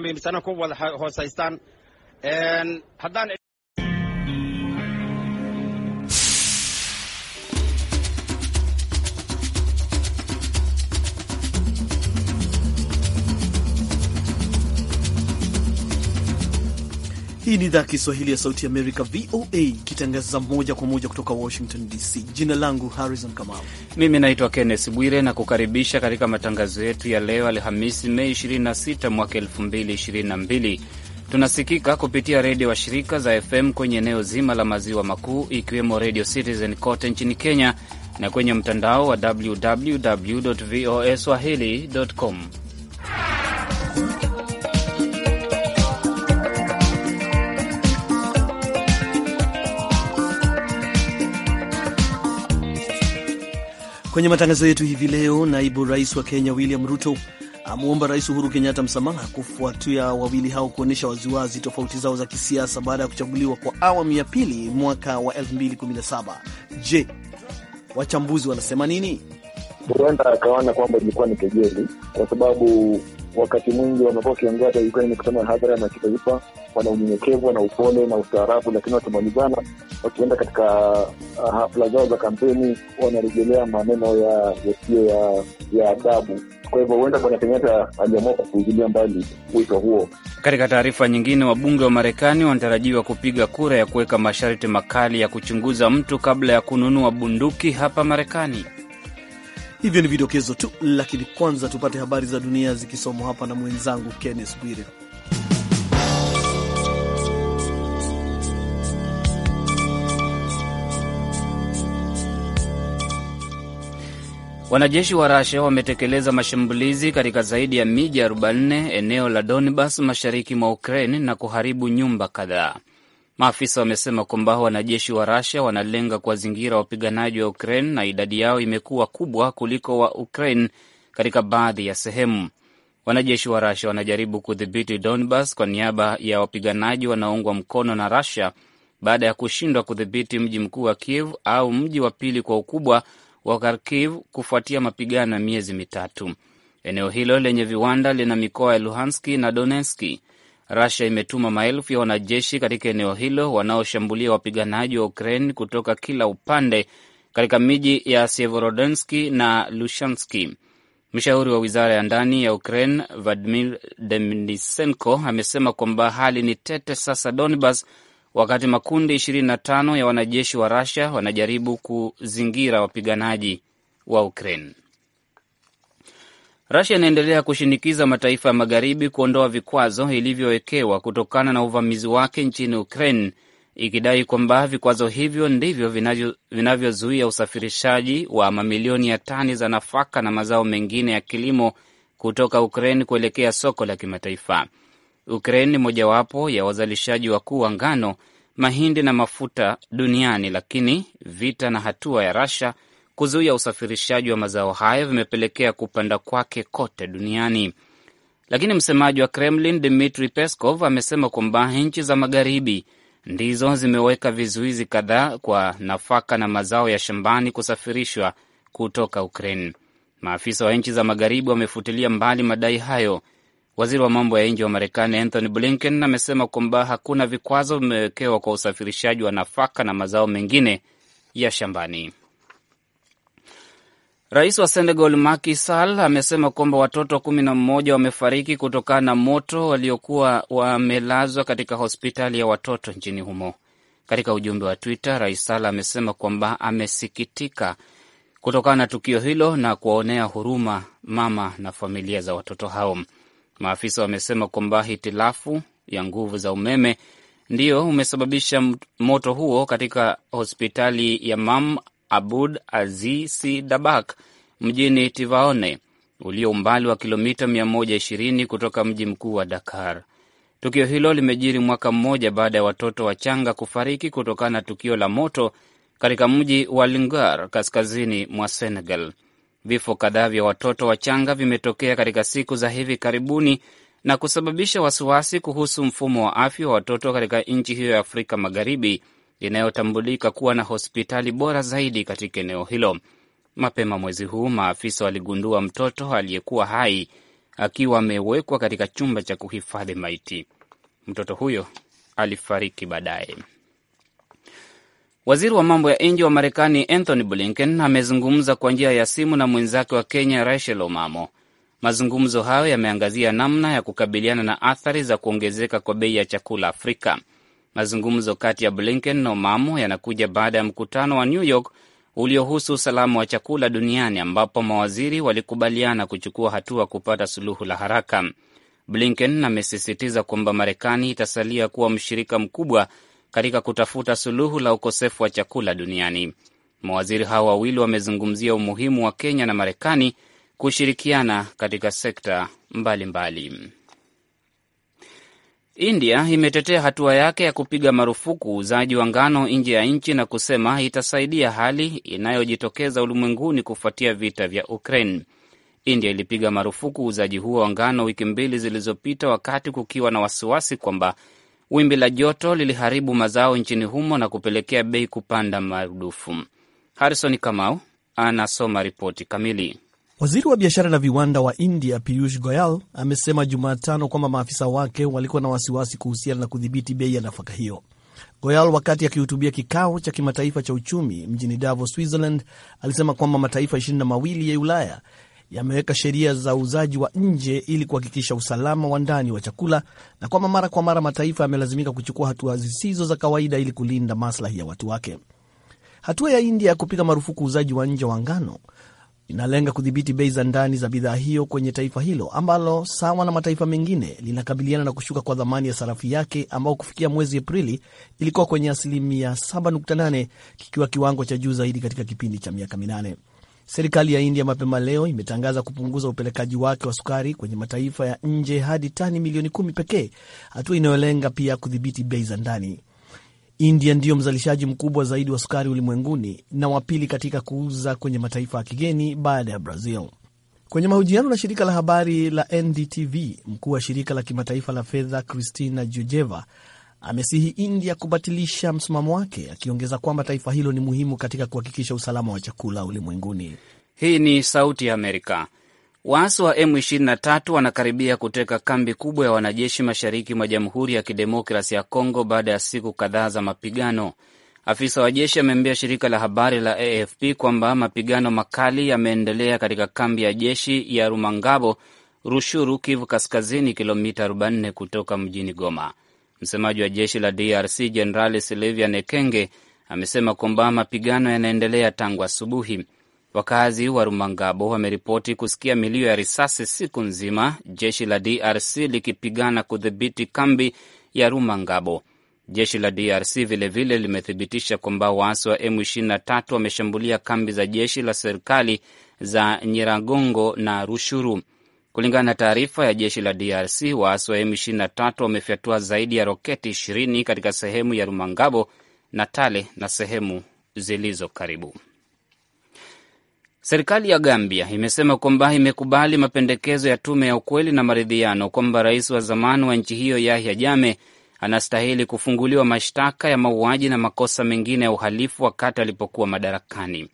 miisano ku wada hoosaystaan haddaan Hii ni idhaa Kiswahili ya Sauti Amerika, VOA, ikitangaza moja kwa moja kutoka Washington DC. Jina langu Harrison Kamau. Mimi naitwa Kenneth Bwire na kukaribisha katika matangazo yetu ya leo Alhamisi, Mei 26 mwaka 2022. Tunasikika kupitia redio wa shirika za FM kwenye eneo zima la maziwa makuu ikiwemo Radio Citizen kote nchini Kenya na kwenye mtandao wa www voa swahili.com. Kwenye matangazo yetu hivi leo, naibu rais wa Kenya William Ruto amwomba Rais Uhuru Kenyatta msamaha kufuatia wawili hao kuonyesha waziwazi tofauti zao za kisiasa baada ya kuchaguliwa kwa awamu ya pili mwaka wa 2017. Je, wachambuzi wanasema nini? Huenda akaona kwamba ilikuwa ni kejeli kwa sababu wakati mwingi wamekuwa wakiongea hata ilikuwa mikutano ya hadhara na kitaifa, wana unyenyekevu, wana upole na ustaarabu, lakini watamalizana wakienda katika ah, hafla zao za kampeni, wanarejelea maneno ya yasiyo ya ya adabu. Kwa hivyo huenda Bwana Kenyatta aliamua kupuuzilia mbali wito huo. Katika taarifa nyingine, wabunge wa Marekani wanatarajiwa kupiga kura ya kuweka masharti makali ya kuchunguza mtu kabla ya kununua bunduki hapa Marekani. Hivyo ni vidokezo tu, lakini kwanza tupate habari za dunia zikisomwa hapa na mwenzangu Kenneth Bwire. Wanajeshi wa rusia wametekeleza mashambulizi katika zaidi ya miji 40 eneo la Donbas mashariki mwa Ukraine na kuharibu nyumba kadhaa. Maafisa wamesema kwamba wanajeshi wa rasia wanalenga kuwazingira wapiganaji wa Ukraine na idadi yao imekuwa kubwa kuliko wa Ukraine katika baadhi ya sehemu. Wanajeshi wa rasia wanajaribu kudhibiti Donbas kwa niaba ya wapiganaji wanaoungwa mkono na rasia baada ya kushindwa kudhibiti mji mkuu wa Kiev au mji wa pili kwa ukubwa wa Kharkiv kufuatia mapigano ya miezi mitatu. Eneo hilo lenye viwanda lina mikoa ya Luhanski na Donetski rasia imetuma maelfu ya wanajeshi katika eneo hilo wanaoshambulia wapiganaji wa Ukraine kutoka kila upande katika miji ya Severodonski na Lushanski. Mshauri wa wizara ya ndani ya Ukraine vadmir Denisenko amesema kwamba hali ni tete sasa Donbas, wakati makundi 25 ya wanajeshi wa rasia wanajaribu kuzingira wapiganaji wa Ukraine. Rasia inaendelea kushinikiza mataifa ya magharibi kuondoa vikwazo ilivyowekewa kutokana na uvamizi wake nchini Ukraine, ikidai kwamba vikwazo hivyo ndivyo vinavyozuia usafirishaji wa mamilioni ya tani za nafaka na mazao mengine ya kilimo kutoka Ukraine kuelekea soko la kimataifa. Ukraine ni mojawapo ya wazalishaji wakuu wa ngano, mahindi na mafuta duniani, lakini vita na hatua ya Rasia kuzuia usafirishaji wa mazao hayo vimepelekea kupanda kwake kote duniani. Lakini msemaji wa Kremlin Dmitri Peskov amesema kwamba nchi za magharibi ndizo zimeweka vizuizi kadhaa kwa nafaka na mazao ya shambani kusafirishwa kutoka Ukraine. Maafisa wa nchi za magharibi wamefutilia mbali madai hayo. Waziri wa mambo ya nje wa Marekani Anthony Blinken amesema kwamba hakuna vikwazo vimewekewa kwa usafirishaji wa nafaka na mazao mengine ya shambani. Rais wa Senegal Macky Sall amesema kwamba watoto kumi na mmoja wamefariki kutokana na moto waliokuwa wamelazwa katika hospitali ya watoto nchini humo. Katika ujumbe wa Twitter, Rais Sall amesema kwamba amesikitika kutokana na tukio hilo na kuwaonea huruma mama na familia za watoto hao. Maafisa wamesema kwamba hitilafu ya nguvu za umeme ndio umesababisha moto huo katika hospitali ya Mam Abud Azisi Dabak mjini Tivaone ulio umbali wa kilomita 120 kutoka mji mkuu wa Dakar. Tukio hilo limejiri mwaka mmoja baada ya watoto wachanga kufariki kutokana na tukio la moto katika mji wa lingar kaskazini mwa Senegal. Vifo kadhaa vya watoto wachanga vimetokea katika siku za hivi karibuni na kusababisha wasiwasi kuhusu mfumo wa afya wa watoto katika nchi hiyo ya Afrika Magharibi linayotambulika kuwa na hospitali bora zaidi katika eneo hilo. Mapema mwezi huu maafisa waligundua mtoto aliyekuwa hai akiwa amewekwa katika chumba cha kuhifadhi maiti. Mtoto huyo alifariki baadaye. Waziri wa mambo ya nje wa Marekani Anthony Blinken amezungumza kwa njia ya simu na mwenzake wa Kenya Rachel Omamo. Mazungumzo hayo yameangazia namna ya kukabiliana na athari za kuongezeka kwa bei ya chakula Afrika. Mazungumzo kati ya Blinken na Omamo yanakuja baada ya mkutano wa New York uliohusu usalama wa chakula duniani ambapo mawaziri walikubaliana kuchukua hatua kupata suluhu la haraka. Blinken amesisitiza kwamba Marekani itasalia kuwa mshirika mkubwa katika kutafuta suluhu la ukosefu wa chakula duniani. Mawaziri hao wawili wamezungumzia umuhimu wa Kenya na Marekani kushirikiana katika sekta mbalimbali mbali. India imetetea hatua yake ya kupiga marufuku uuzaji wa ngano nje ya nchi na kusema itasaidia hali inayojitokeza ulimwenguni kufuatia vita vya Ukraine. India ilipiga marufuku uuzaji huo wa ngano wiki mbili zilizopita, wakati kukiwa na wasiwasi kwamba wimbi la joto liliharibu mazao nchini humo na kupelekea bei kupanda marudufu. Harrison Kamau anasoma ripoti kamili. Waziri wa biashara na viwanda wa India Piyush Goyal amesema Jumatano kwamba maafisa wake walikuwa na wasiwasi kuhusiana na kudhibiti bei ya nafaka hiyo. Goyal, wakati akihutubia kikao cha kimataifa cha uchumi mjini Davos, Switzerland, alisema kwamba mataifa ishirini na mawili ya Ulaya yameweka sheria za uuzaji wa nje ili kuhakikisha usalama wa ndani wa chakula na kwamba mara kwa mara mataifa yamelazimika kuchukua hatua zisizo za kawaida ili kulinda maslahi ya watu wake. Hatua ya India ya kupiga marufuku uuzaji wa nje wa ngano inalenga kudhibiti bei za ndani za bidhaa hiyo kwenye taifa hilo ambalo sawa na mataifa mengine linakabiliana na kushuka kwa thamani ya sarafu yake ambao kufikia mwezi Aprili ilikuwa kwenye asilimia 7.8 kikiwa kiwango cha juu zaidi katika kipindi cha miaka minane. Serikali ya India mapema leo imetangaza kupunguza upelekaji wake wa sukari kwenye mataifa ya nje hadi tani milioni kumi pekee, hatua inayolenga pia kudhibiti bei za ndani. India ndiyo mzalishaji mkubwa zaidi wa sukari ulimwenguni na wa pili katika kuuza kwenye mataifa ya kigeni baada ya Brazil. Kwenye mahojiano na shirika la habari la NDTV, mkuu wa shirika la kimataifa la fedha Christina Georgieva amesihi India kubatilisha msimamo wake, akiongeza kwamba taifa hilo ni muhimu katika kuhakikisha usalama wa chakula ulimwenguni. Hii ni Sauti ya Amerika. Waasi wa M23 wanakaribia kuteka kambi kubwa ya wanajeshi mashariki mwa Jamhuri ya Kidemokrasi ya Kongo baada ya siku kadhaa za mapigano. Afisa wa jeshi ameambia shirika la habari la AFP kwamba mapigano makali yameendelea katika kambi ya jeshi ya Rumangabo, Rushuru, Kivu Kaskazini, kilomita 44 kutoka mjini Goma. Msemaji wa jeshi la DRC Jenerali Silivia Nekenge amesema kwamba mapigano yanaendelea tangu asubuhi. Wakazi wa Rumangabo wameripoti kusikia milio ya risasi siku nzima, jeshi la DRC likipigana kudhibiti kambi ya Rumangabo. Jeshi la DRC vilevile vile limethibitisha kwamba waasi wa M23 wameshambulia kambi za jeshi la serikali za Nyiragongo na Rushuru. Kulingana na taarifa ya jeshi la DRC, waasi wa M23 wamefyatua zaidi ya roketi 20 katika sehemu ya Rumangabo na Tale na sehemu zilizo karibu. Serikali ya Gambia imesema kwamba imekubali mapendekezo ya tume ya ukweli na maridhiano kwamba rais wa zamani wa nchi hiyo Yahya Jammeh anastahili kufunguliwa mashtaka ya mauaji na makosa mengine ya uhalifu wakati alipokuwa madarakani.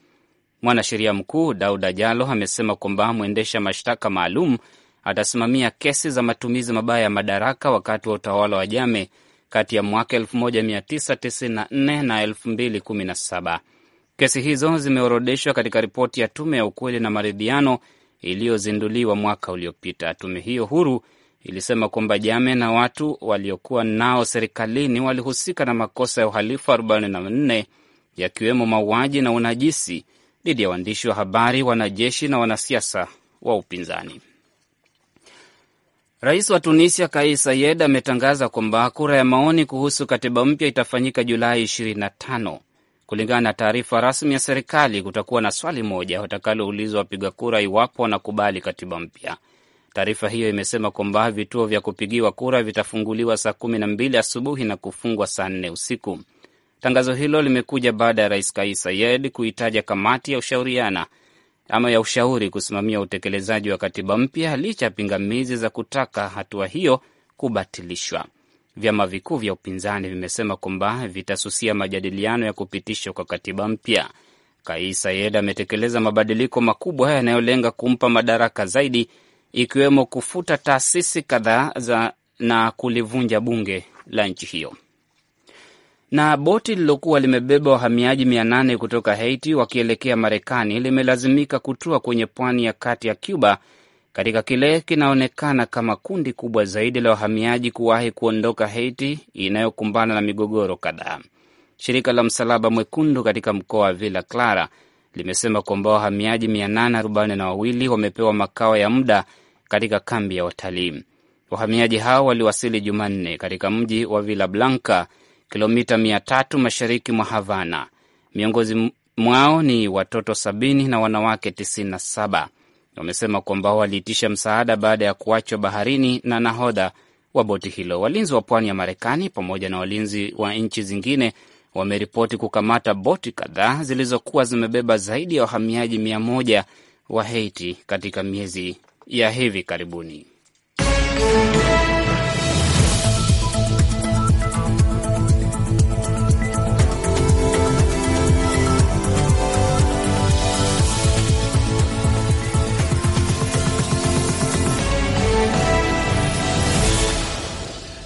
Mwanasheria mkuu Dauda Jalo amesema kwamba mwendesha mashtaka maalum atasimamia kesi za matumizi mabaya ya madaraka wakati wa utawala wa Jame kati ya mwaka 1994 na 2017. Kesi hizo zimeorodeshwa katika ripoti ya tume ya ukweli na maridhiano iliyozinduliwa mwaka uliopita. Tume hiyo huru ilisema kwamba Jame na watu waliokuwa nao serikalini walihusika na makosa ya uhalifu 44 yakiwemo mauaji na unajisi dhidi ya waandishi wa habari, wanajeshi na wanasiasa wa upinzani. Rais wa Tunisia Kais Saied ametangaza kwamba kura ya maoni kuhusu katiba mpya itafanyika Julai Kulingana na taarifa rasmi ya serikali, kutakuwa na swali moja watakaloulizwa wapiga kura iwapo wanakubali katiba mpya. Taarifa hiyo imesema kwamba vituo vya kupigiwa kura vitafunguliwa saa kumi na mbili asubuhi na kufungwa saa nne usiku. Tangazo hilo limekuja baada ya rais Kais Saied kuitaja kamati ya ushauriana ama ya ushauri kusimamia utekelezaji wa katiba mpya licha ya pingamizi za kutaka hatua hiyo kubatilishwa vyama vikuu vya upinzani vimesema kwamba vitasusia majadiliano ya kupitishwa kwa katiba mpya. Kais Saied ametekeleza mabadiliko makubwa yanayolenga kumpa madaraka zaidi, ikiwemo kufuta taasisi kadhaa za na kulivunja bunge la nchi hiyo. Na boti lilokuwa limebeba wahamiaji mia nane kutoka Haiti wakielekea Marekani limelazimika kutua kwenye pwani ya kati ya Cuba katika kile kinaonekana kama kundi kubwa zaidi la wahamiaji kuwahi kuondoka Haiti inayokumbana na migogoro kadhaa. Shirika la Msalaba Mwekundu katika mkoa wa Villa Clara limesema kwamba wahamiaji 842 wamepewa makao ya muda katika kambi ya watalii. Wahamiaji hao waliwasili Jumanne katika mji wa Villa Blanca, kilomita 300 mashariki mwa Havana. miongozi mwao ni watoto 70 na wanawake 97 wamesema kwamba waliitisha msaada baada ya kuachwa baharini na nahodha wa boti hilo. Walinzi wa pwani ya Marekani pamoja na walinzi wa nchi zingine wameripoti kukamata boti kadhaa zilizokuwa zimebeba zaidi ya wahamiaji mia moja wa Haiti katika miezi ya hivi karibuni.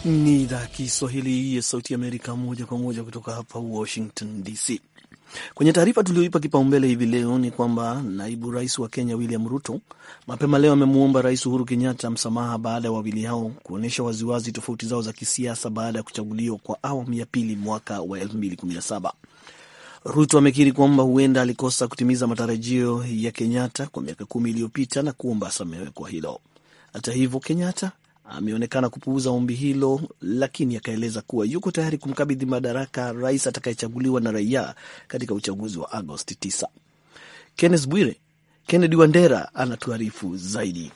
Ni idhaa Kiswahili ya Sauti Amerika, moja kwa moja kutoka hapa Washington DC. Kwenye taarifa tulioipa kipaumbele hivi leo ni kwamba naibu rais wa Kenya William Ruto mapema leo amemwomba Rais Uhuru Kenyatta msamaha baada ya wawili hao kuonyesha waziwazi tofauti zao za kisiasa baada ya kuchaguliwa kwa awamu ya pili mwaka wa 2017. Ruto amekiri kwamba huenda alikosa kutimiza matarajio ya Kenyatta kwa miaka kumi iliyopita na kuomba asamehewe kwa hilo. Hata hivyo, Kenyatta ameonekana kupuuza ombi hilo, lakini akaeleza kuwa yuko tayari kumkabidhi madaraka rais atakayechaguliwa na raia katika uchaguzi wa Agosti 9. Kenneth Bwire, Kennedy Wandera anatuarifu zaidi.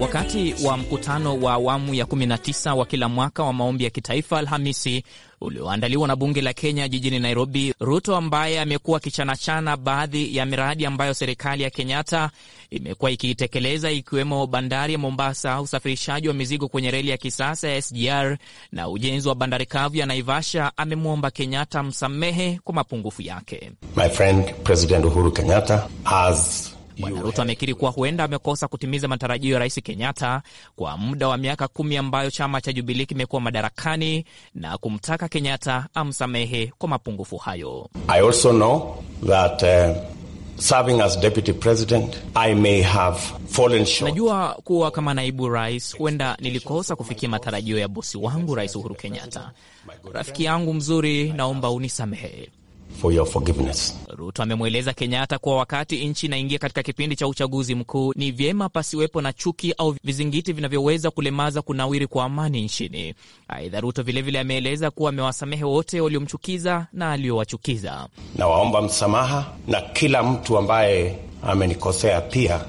Wakati wa mkutano wa awamu ya 19 wa kila mwaka wa maombi ya kitaifa Alhamisi, ulioandaliwa na bunge la Kenya jijini Nairobi, Ruto ambaye amekuwa akichanachana baadhi ya miradi ambayo serikali ya Kenyatta imekuwa ikiitekeleza ikiwemo bandari ya Mombasa, usafirishaji wa mizigo kwenye reli ya kisasa ya SGR na ujenzi wa bandari kavu ya Naivasha, amemwomba Kenyatta msamehe kwa mapungufu yake. My friend, President Uhuru Kenyatta has Bwana Ruto amekiri kuwa huenda amekosa kutimiza matarajio ya Rais Kenyatta kwa muda wa miaka kumi ambayo chama cha Jubilii kimekuwa madarakani na kumtaka Kenyatta amsamehe kwa mapungufu hayo. I also know that, uh... As deputy president, I may have fallen short. Najua kuwa kama naibu rais huenda nilikosa kufikia matarajio ya bosi wangu Rais Uhuru Kenyatta. Rafiki yangu mzuri, naomba unisamehe for your forgiveness. Ruto amemweleza Kenyatta kuwa wakati nchi inaingia katika kipindi cha uchaguzi mkuu ni vyema pasiwepo na chuki au vizingiti vinavyoweza kulemaza kunawiri kwa amani nchini. Aidha, Ruto vilevile ameeleza kuwa amewasamehe wote waliomchukiza na aliowachukiza. Nawaomba msamaha na kila mtu ambaye amenikosea, pia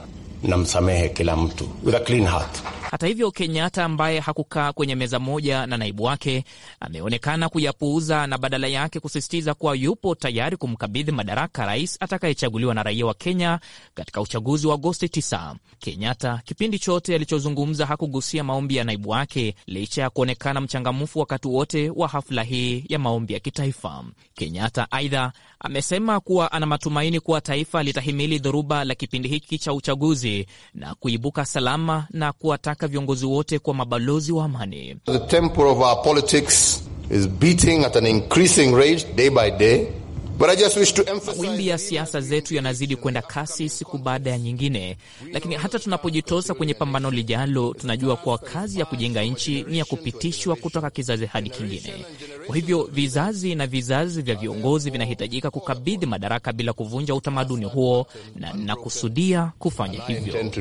namsamehe kila mtu with a clean heart. Hata hivyo, Kenyatta ambaye hakukaa kwenye meza moja na naibu wake ameonekana kuyapuuza na badala yake kusisitiza kuwa yupo tayari kumkabidhi madaraka rais atakayechaguliwa na raia wa Kenya katika uchaguzi wa Agosti 9. Kenyatta kipindi chote alichozungumza hakugusia maombi ya naibu wake licha ya kuonekana mchangamfu wakati wote wa hafla hii ya maombi ya kitaifa. Kenyatta aidha amesema kuwa ana matumaini kuwa taifa litahimili dhoruba la kipindi hiki cha uchaguzi na kuibuka salama na kuwa kuwataka viongozi wote kwa mabalozi wa amani. The tempo of our politics is beating at an increasing rate day by day. Mawimbi ya siasa zetu yanazidi kwenda kasi siku baada ya nyingine, lakini hata tunapojitosa kwenye pambano lijalo, tunajua kuwa kazi ya kujenga nchi ni ya kupitishwa kutoka kizazi hadi kingine. Kwa hivyo vizazi na vizazi vya viongozi vinahitajika kukabidhi madaraka bila kuvunja utamaduni huo, na nakusudia kufanya hivyo.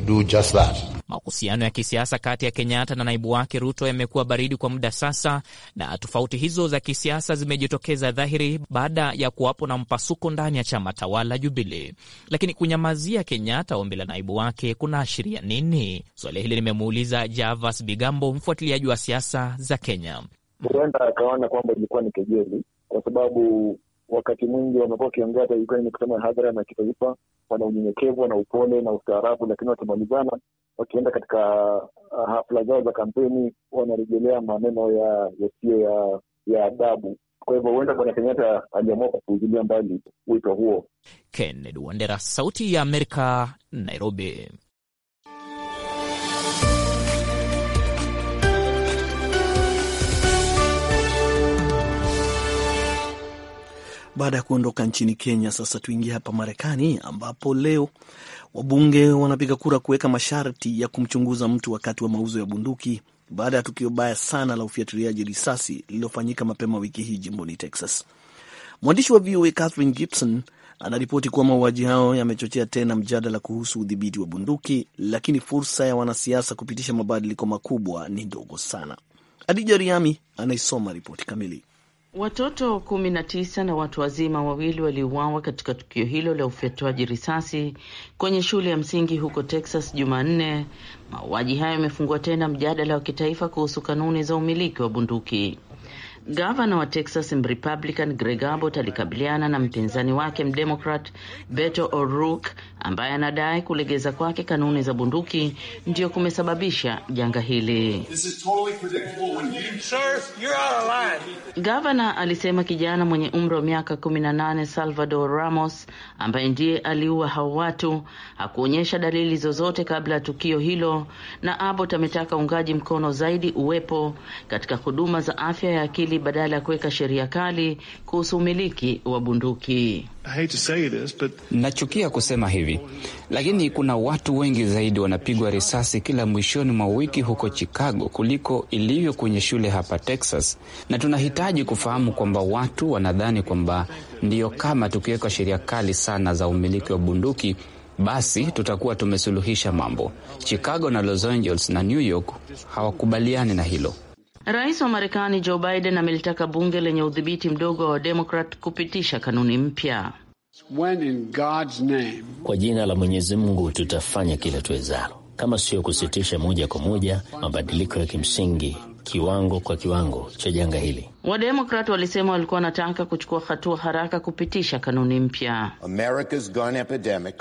Mahusiano ya kisiasa kati ya Kenyatta na naibu wake Ruto yamekuwa baridi kwa muda sasa, na tofauti hizo za kisiasa zimejitokeza dhahiri baada ya kuwapa kuwepo na mpasuko ndani ya chama tawala Jubilee. Lakini kunyamazia Kenyatta ombi la naibu wake kunaashiria nini? Swali hili limemuuliza Javas Bigambo, mfuatiliaji wa siasa za Kenya. Huenda akaona kwamba ilikuwa ni kejeli, kwa sababu wakati mwingi wamekuwa wakiongea hata ilikuwa ni mikutano ya hadhara na kitaifa, wana unyenyekevu na upole na ustaarabu, lakini wakimalizana, wakienda katika ah, hafla zao za kampeni, wanarejelea maneno yasiyo ya adabu ya, adabu kwa hivyo huenda bwana Kenyatta aliamua kupuuzilia mbali wito huo. Kennedy Wandera, Sauti ya Amerika, Nairobi. Baada ya kuondoka nchini Kenya, sasa tuingie hapa Marekani, ambapo leo wabunge wanapiga kura kuweka masharti ya kumchunguza mtu wakati wa mauzo ya bunduki baada ya tukio baya sana la ufiatiliaji risasi lililofanyika mapema wiki hii jimboni Texas. Mwandishi wa VOA Catherine Gibson anaripoti kuwa mauaji hayo yamechochea tena mjadala kuhusu udhibiti wa bunduki, lakini fursa ya wanasiasa kupitisha mabadiliko makubwa ni ndogo sana. Adija Riami anaisoma ripoti kamili. Watoto kumi na tisa na watu wazima wawili waliuawa katika tukio hilo la ufyatuaji risasi kwenye shule ya msingi huko Texas Jumanne. Mauaji hayo yamefungua tena mjadala wa kitaifa kuhusu kanuni za umiliki wa bunduki. Gavana wa Texas Mrepublican Greg Abbott alikabiliana na mpinzani wake Mdemokrat Beto O'Rourke ambaye anadai kulegeza kwake kanuni za bunduki ndiyo kumesababisha janga hili. Gavana alisema kijana mwenye umri wa miaka 18 Salvador Ramos ambaye ndiye aliua hao watu hakuonyesha dalili zozote kabla ya tukio hilo, na Abbott ametaka uungaji mkono zaidi uwepo katika huduma za afya ya akili hili badala ya kuweka sheria kali kuhusu umiliki wa bunduki. But... nachukia kusema hivi, lakini kuna watu wengi zaidi wanapigwa risasi kila mwishoni mwa wiki huko Chicago kuliko ilivyo kwenye shule hapa Texas, na tunahitaji kufahamu kwamba watu wanadhani kwamba ndiyo, kama tukiweka sheria kali sana za umiliki wa bunduki basi tutakuwa tumesuluhisha mambo. Chicago na Los Angeles na New York hawakubaliani na hilo. Rais wa Marekani Joe Biden amelitaka bunge lenye udhibiti mdogo wa Demokrat kupitisha kanuni mpya. Kwa jina la Mwenyezi Mungu tutafanya kile tuwezalo, kama sio kusitisha moja kwa moja mabadiliko ya kimsingi kiwango kwa kiwango cha janga hili. Wademokrat walisema walikuwa wanataka kuchukua hatua haraka kupitisha kanuni mpya.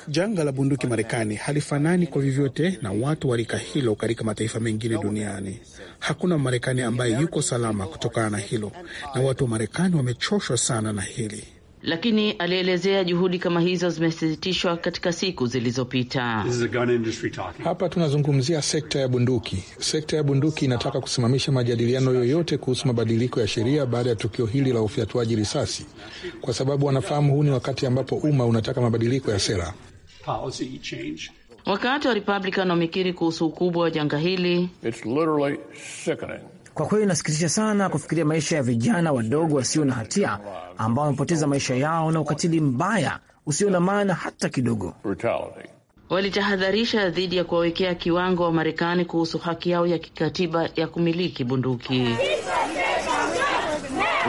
Janga la bunduki Marekani halifanani kwa vyovyote na watu wa rika hilo katika mataifa mengine duniani. Hakuna marekani ambaye yuko salama kutokana na hilo, na watu wa Marekani wamechoshwa sana na hili lakini alielezea juhudi kama hizo zimesisitishwa katika siku zilizopita. Hapa tunazungumzia sekta ya bunduki. Sekta ya bunduki inataka kusimamisha majadiliano yoyote kuhusu mabadiliko ya sheria baada ya tukio hili la ufyatuaji risasi, kwa sababu wanafahamu huu ni wakati ambapo umma unataka mabadiliko ya sera. Wakati wa Republican wamekiri kuhusu ukubwa wa janga hili. It's literally sickening. Kwa kweli inasikitisha sana kufikiria maisha ya vijana wadogo wasio na hatia ambao wamepoteza maisha yao na ukatili mbaya usio na maana hata kidogo. Walitahadharisha dhidi ya kuwawekea kiwango wa Marekani kuhusu haki yao ya kikatiba ya kumiliki bunduki.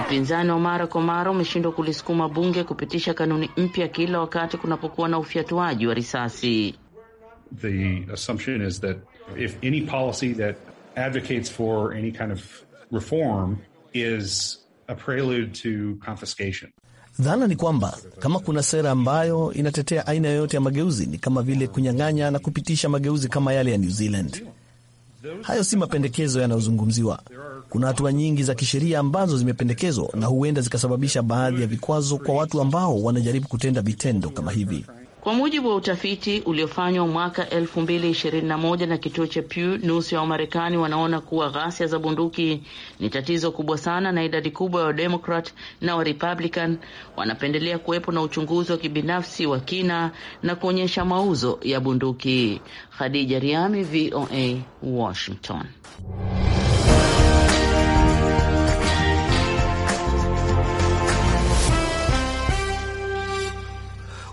Upinzani wa mara kwa mara umeshindwa kulisukuma bunge kupitisha kanuni mpya kila wakati kunapokuwa na ufyatuaji wa risasi. The assumption is that if any policy that advocates for any kind of reform is a prelude to confiscation. Dhana ni kwamba kama kuna sera ambayo inatetea aina yoyote ya mageuzi ni kama vile kunyang'anya na kupitisha mageuzi kama yale ya New Zealand. Hayo si mapendekezo yanayozungumziwa. Kuna hatua nyingi za kisheria ambazo zimependekezwa na huenda zikasababisha baadhi ya vikwazo kwa watu ambao wanajaribu kutenda vitendo kama hivi. Kwa mujibu wa utafiti uliofanywa mwaka 2021 na kituo cha Pew, nusu ya Wamarekani wanaona kuwa ghasia za bunduki ni tatizo kubwa sana, na idadi kubwa ya Wademokrat na Warepublican wanapendelea kuwepo na uchunguzi wa kibinafsi wa kina na kuonyesha mauzo ya bunduki. Khadija Riami, VOA, Washington.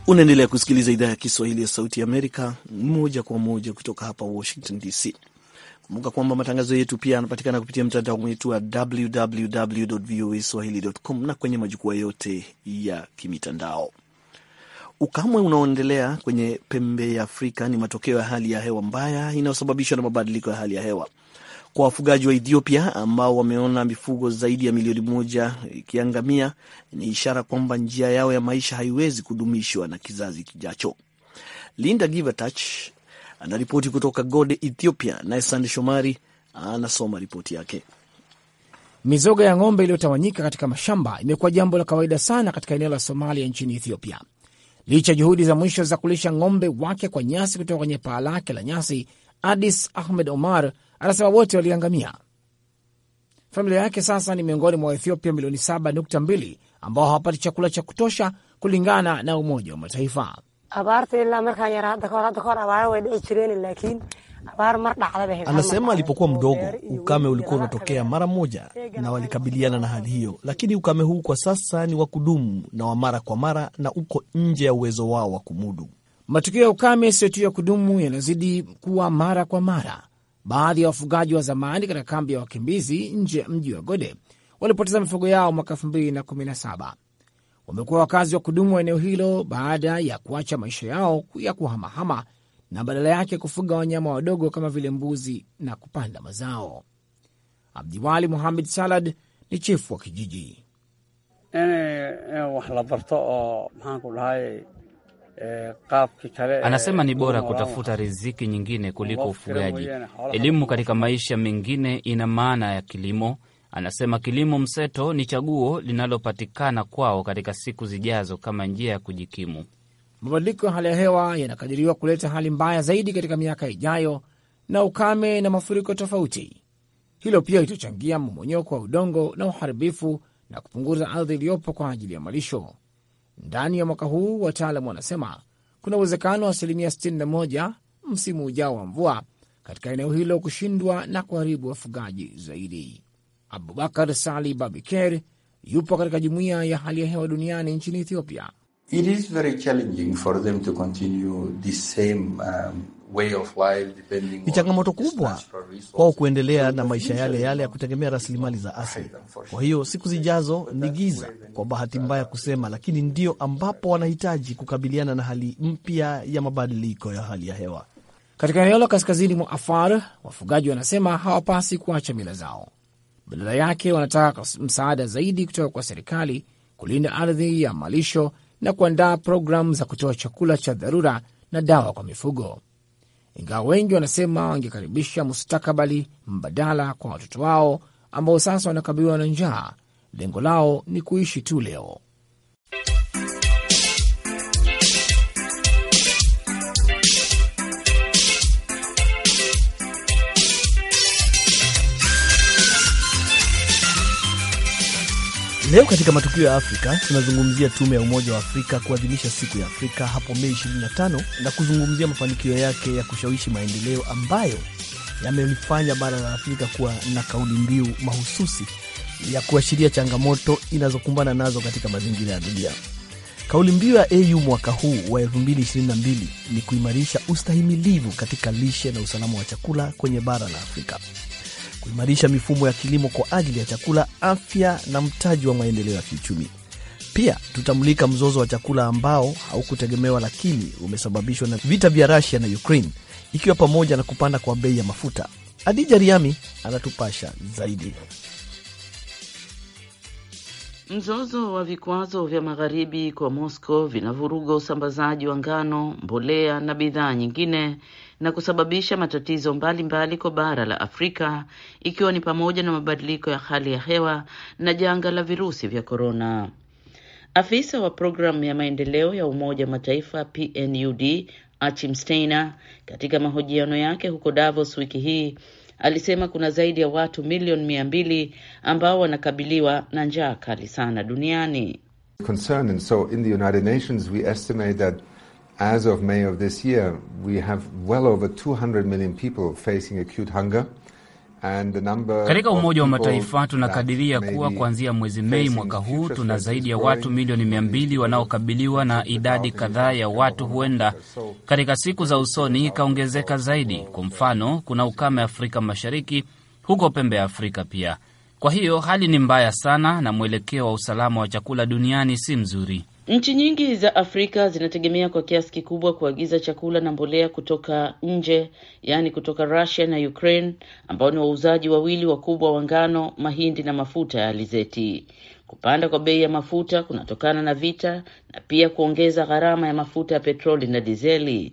Unaendelea kusikiliza idhaa ya Kiswahili ya Sauti ya Amerika moja kwa moja kutoka hapa Washington DC. Kumbuka kwamba matangazo yetu pia yanapatikana kupitia mtandao wetu wa www voa swahili.com na kwenye majukwaa yote ya kimitandao. Ukamwe unaoendelea kwenye pembe ya Afrika ni matokeo ya hali ya hewa mbaya inayosababishwa na mabadiliko ya hali ya hewa kwa wafugaji wa Ethiopia ambao wameona mifugo zaidi ya milioni moja ikiangamia ni ishara kwamba njia yao ya maisha haiwezi kudumishwa na kizazi kijacho. Linda givetach anaripoti kutoka Gode, Ethiopia, naye Sande Shomari anasoma ripoti yake. Mizoga ya ng'ombe iliyotawanyika katika mashamba imekuwa jambo la kawaida sana katika eneo la Somalia nchini Ethiopia, licha juhudi za mwisho za kulisha ng'ombe wake kwa nyasi kutoka kwenye paa lake la nyasi. Adis Ahmed Omar anasema wote waliangamia. Familia yake sasa ni miongoni mwa Waethiopia milioni 7.2 ambao hawapati chakula cha kutosha kulingana na Umoja wa Mataifa. Anasema alipokuwa mdogo ukame ulikuwa unatokea mara moja, na walikabiliana na hali hiyo, lakini ukame huu kwa sasa ni wa kudumu na wa mara kwa mara na uko nje ya uwezo wao wa kumudu. Matukio ya ukame sio tu ya kudumu, yanazidi kuwa mara kwa mara Baadhi ya wafugaji wa zamani katika kambi ya wakimbizi nje ya mji wa Gode walipoteza mifugo yao mwaka 2017. Wamekuwa wakazi wa kudumu wa eneo hilo baada ya kuacha maisha yao ya kuhamahama na badala yake kufuga wanyama wadogo kama vile mbuzi na kupanda mazao. Abdiwali Muhamed Salad ni chifu wa kijiji. Eh, Eh, Anasema ni bora kutafuta riziki nyingine kuliko ufugaji. Elimu katika maisha mengine ina maana ya kilimo. Anasema kilimo mseto ni chaguo linalopatikana kwao katika siku zijazo kama njia ya kujikimu. Mabadiliko ya hali ya hewa yanakadiriwa kuleta hali mbaya zaidi katika miaka ijayo, na ukame na mafuriko tofauti. Hilo pia litachangia mmomonyoko wa udongo na uharibifu na kupunguza ardhi iliyopo kwa ajili ya malisho. Ndani ya mwaka huu wataalam wanasema kuna uwezekano wa asilimia 61 msimu ujao wa mvua katika eneo hilo kushindwa na kuharibu wafugaji zaidi. Abubakar Sali Babiker yupo katika jumuiya ya hali ya hewa duniani nchini Ethiopia. It is very challenging for them to continue the same, um... Ni changamoto kubwa kwao kuendelea na maisha yale yale ya kutegemea rasilimali za asili. Kwa hiyo siku zijazo ni giza, kwa bahati mbaya kusema, lakini ndio ambapo wanahitaji kukabiliana na hali mpya ya mabadiliko ya hali ya hewa. Katika eneo la kaskazini mwa Afar, wafugaji wanasema hawapasi kuacha mila zao, badala yake wanataka msaada zaidi kutoka kwa serikali kulinda ardhi ya malisho na kuandaa programu za kutoa chakula cha dharura na dawa kwa mifugo ingawa wengi wanasema wangekaribisha mustakabali mbadala kwa watoto wao ambao sasa wanakabiliwa na njaa. Lengo lao ni kuishi tu leo. Leo katika matukio ya Afrika tunazungumzia tume ya Umoja wa Afrika kuadhimisha siku ya Afrika hapo Mei 25 na kuzungumzia mafanikio yake ya kushawishi maendeleo ambayo yamelifanya bara la Afrika kuwa na kauli mbiu mahususi ya kuashiria changamoto inazokumbana nazo katika mazingira ya dunia. Kauli mbiu ya AU mwaka huu wa 2022 ni kuimarisha ustahimilivu katika lishe na usalama wa chakula kwenye bara la Afrika kuimarisha mifumo ya kilimo kwa ajili ya chakula, afya na mtaji wa maendeleo ya kiuchumi. Pia tutamulika mzozo wa chakula ambao haukutegemewa lakini umesababishwa na vita vya Rusia na Ukraine, ikiwa pamoja na kupanda kwa bei ya mafuta. Adija Riami anatupasha zaidi. Mzozo wa vikwazo vya magharibi kwa Moscow vinavuruga usambazaji wa ngano, mbolea na bidhaa nyingine na kusababisha matatizo mbalimbali mbali kwa bara la Afrika ikiwa ni pamoja na mabadiliko ya hali ya hewa na janga la virusi vya korona. Afisa wa programu ya maendeleo ya Umoja wa Mataifa PNUD Achim Steiner katika mahojiano yake huko Davos wiki hii alisema kuna zaidi ya watu milioni mia mbili ambao wanakabiliwa na njaa kali sana duniani. So in the United Nations we estimate that as of May of this year we have well over 200 million people facing acute hunger katika Umoja wa Mataifa tunakadiria kuwa kuanzia mwezi Mei mwaka huu tuna zaidi ya watu milioni mia mbili wanaokabiliwa na idadi kadhaa ya watu, huenda katika siku za usoni ikaongezeka zaidi. Kwa mfano, kuna ukame Afrika Mashariki, huko pembe ya Afrika pia. Kwa hiyo hali ni mbaya sana, na mwelekeo wa usalama wa chakula duniani si mzuri. Nchi nyingi za Afrika zinategemea kwa kiasi kikubwa kuagiza chakula na mbolea kutoka nje, yaani kutoka Russia na Ukraine ambao ni wauzaji wawili wakubwa wa ngano, mahindi na mafuta ya alizeti. Kupanda kwa bei ya mafuta kunatokana na vita na pia kuongeza gharama ya mafuta ya petroli na dizeli.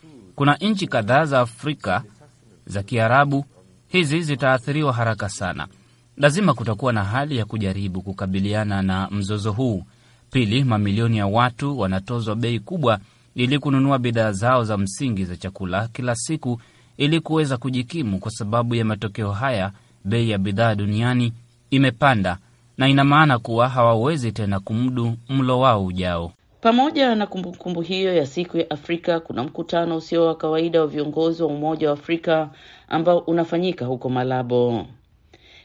Kuna nchi kadhaa za Afrika za Kiarabu, hizi zitaathiriwa haraka sana. Lazima kutakuwa na hali ya kujaribu kukabiliana na mzozo huu. Pili, mamilioni ya watu wanatozwa bei kubwa ili kununua bidhaa zao za msingi za chakula kila siku ili kuweza kujikimu. Kwa sababu ya matokeo haya, bei ya bidhaa duniani imepanda na ina maana kuwa hawawezi tena kumudu mlo wao ujao. Pamoja na kumbukumbu kumbu hiyo ya siku ya Afrika, kuna mkutano usio wa kawaida wa viongozi wa Umoja wa Afrika ambao unafanyika huko Malabo.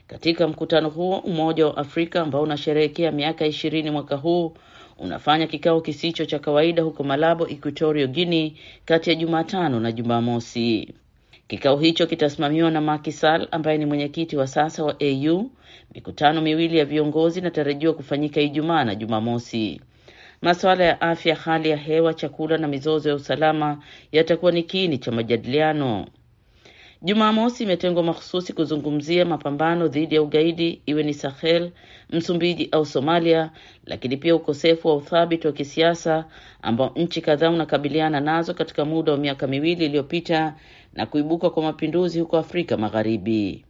Katika mkutano huo, Umoja wa Afrika ambao unasherehekea miaka ishirini mwaka huu unafanya kikao kisicho cha kawaida huko Malabo, Equatorial Guinea, kati ya Jumatano na Jumamosi. Kikao hicho kitasimamiwa na Macky Sall ambaye ni mwenyekiti wa sasa wa AU. Mikutano miwili ya viongozi inatarajiwa kufanyika Ijumaa na Jumamosi. Masuala ya afya, hali ya hewa, chakula na mizozo ya usalama yatakuwa ni kiini cha majadiliano. Jumamosi imetengwa mahususi kuzungumzia mapambano dhidi ya ugaidi, iwe ni Sahel, Msumbiji au Somalia, lakini pia ukosefu wa uthabiti wa kisiasa ambao nchi kadhaa unakabiliana nazo katika muda wa miaka miwili iliyopita na kuibuka kwa mapinduzi huko Afrika Magharibi.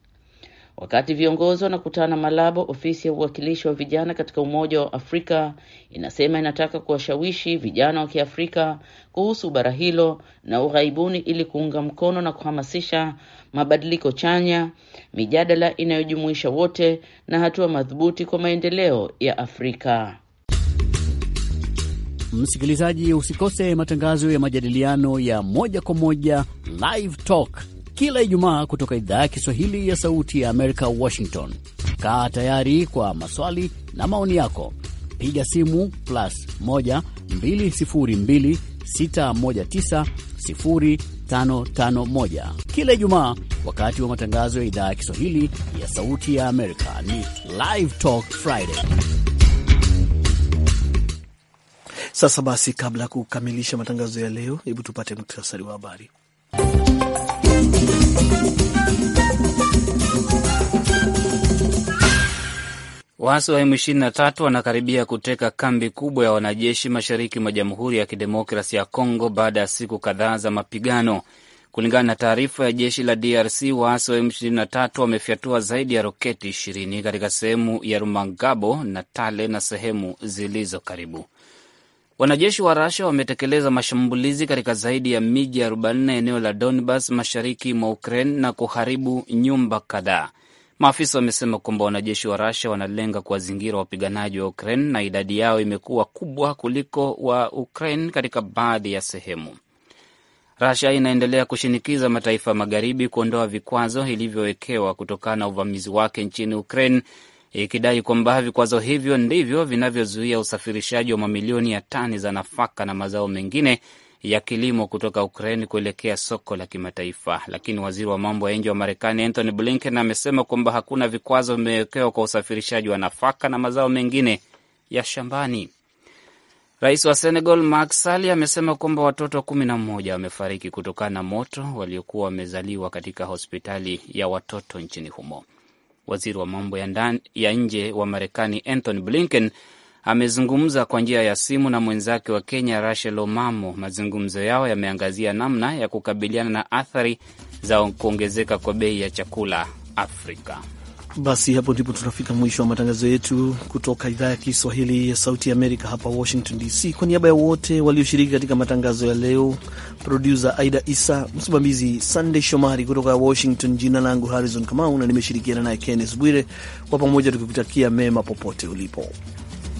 Wakati viongozi wanakutana Malabo, ofisi ya uwakilishi wa vijana katika Umoja wa Afrika inasema inataka kuwashawishi vijana wa Kiafrika kuhusu bara hilo na ughaibuni ili kuunga mkono na kuhamasisha mabadiliko chanya, mijadala inayojumuisha wote na hatua madhubuti kwa maendeleo ya Afrika. Msikilizaji, usikose matangazo ya majadiliano ya moja kwa moja Live Talk kila Ijumaa kutoka idhaa ya Kiswahili ya Sauti ya Amerika, Washington. Kaa tayari kwa maswali na maoni yako, piga simu plus 1 202 619 0551 kila Ijumaa wakati wa matangazo ya idhaa ya Kiswahili ya Sauti ya Amerika. Ni Live Talk Friday. Sasa basi, kabla ya kukamilisha matangazo ya leo, hebu tupate muktasari wa habari. Waasi wa M23 wanakaribia kuteka kambi kubwa ya wanajeshi mashariki mwa Jamhuri ya Kidemokrasi ya Kongo baada ya siku kadhaa za mapigano. Kulingana na taarifa ya jeshi la DRC, waasi wa M23 wamefyatua zaidi ya roketi 20 katika sehemu ya Rumangabo na Tale na sehemu zilizo karibu. Wanajeshi wa Rasha wametekeleza mashambulizi katika zaidi ya miji 40 eneo la Donbas mashariki mwa Ukraine na kuharibu nyumba kadhaa. Maafisa wamesema kwamba wanajeshi wa rasia wanalenga kuwazingira wapiganaji wa Ukraine na idadi yao imekuwa kubwa kuliko wa Ukraine katika baadhi ya sehemu. rasia inaendelea kushinikiza mataifa ya magharibi kuondoa vikwazo ilivyowekewa kutokana na uvamizi wake nchini Ukraine, ikidai kwamba vikwazo hivyo ndivyo vinavyozuia usafirishaji wa mamilioni ya tani za nafaka na mazao mengine ya kilimo kutoka Ukraine kuelekea soko la kimataifa. Lakini waziri wa mambo ya nje wa Marekani Anthony Blinken amesema kwamba hakuna vikwazo vimewekewa kwa usafirishaji wa nafaka na mazao mengine ya shambani. Rais wa Senegal Macky Sall amesema kwamba watoto kumi na mmoja wamefariki kutokana na moto waliokuwa wamezaliwa katika hospitali ya watoto nchini humo. Waziri wa mambo ya nje wa Marekani Anthony Blinken amezungumza kwa njia ya simu na mwenzake wa Kenya Rachel Omamo. Mazungumzo yao yameangazia namna ya kukabiliana na athari za kuongezeka kwa bei ya chakula Afrika. Basi hapo ndipo tunafika mwisho wa matangazo yetu kutoka idhaa ya Kiswahili ya Sauti ya Amerika hapa Washington DC. Kwa niaba ya wote walioshiriki katika matangazo ya leo, produsa Aida Isa, msimamizi Sandey Shomari kutoka Washington, jina langu Harrison Kamau na nimeshirikiana naye Kennes Bwire, kwa pamoja tukikutakia mema popote ulipo.